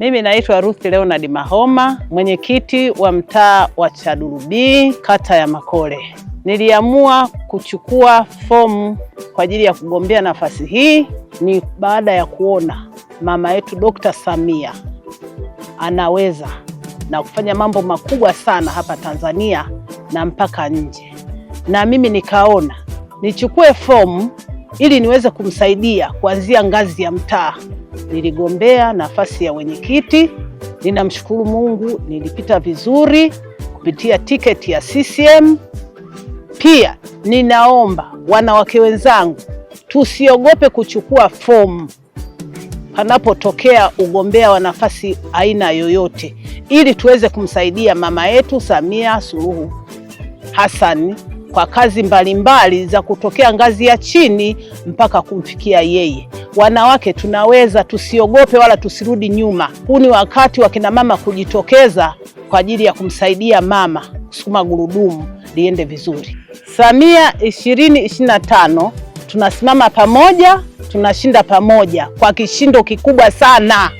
Mimi naitwa Ruth Leonard Mahoma, mwenyekiti wa mtaa wa chadurubi kata ya Makole. Niliamua kuchukua fomu kwa ajili ya kugombea nafasi hii ni baada ya kuona mama yetu Dr. Samia anaweza na kufanya mambo makubwa sana hapa Tanzania na mpaka nje, na mimi nikaona nichukue fomu ili niweze kumsaidia kuanzia ngazi ya mtaa. Niligombea nafasi ya wenyekiti. Ninamshukuru Mungu nilipita vizuri kupitia tiketi ya CCM. Pia ninaomba wanawake wenzangu tusiogope kuchukua fomu panapotokea ugombea wa nafasi aina yoyote, ili tuweze kumsaidia mama yetu Samia Suluhu Hassan kwa kazi mbalimbali mbali za kutokea ngazi ya chini mpaka kumfikia yeye. Wanawake tunaweza, tusiogope wala tusirudi nyuma. Huu ni wakati wa kina mama kujitokeza kwa ajili ya kumsaidia mama kusukuma gurudumu liende vizuri. Samia 2025 tunasimama pamoja, tunashinda pamoja kwa kishindo kikubwa sana.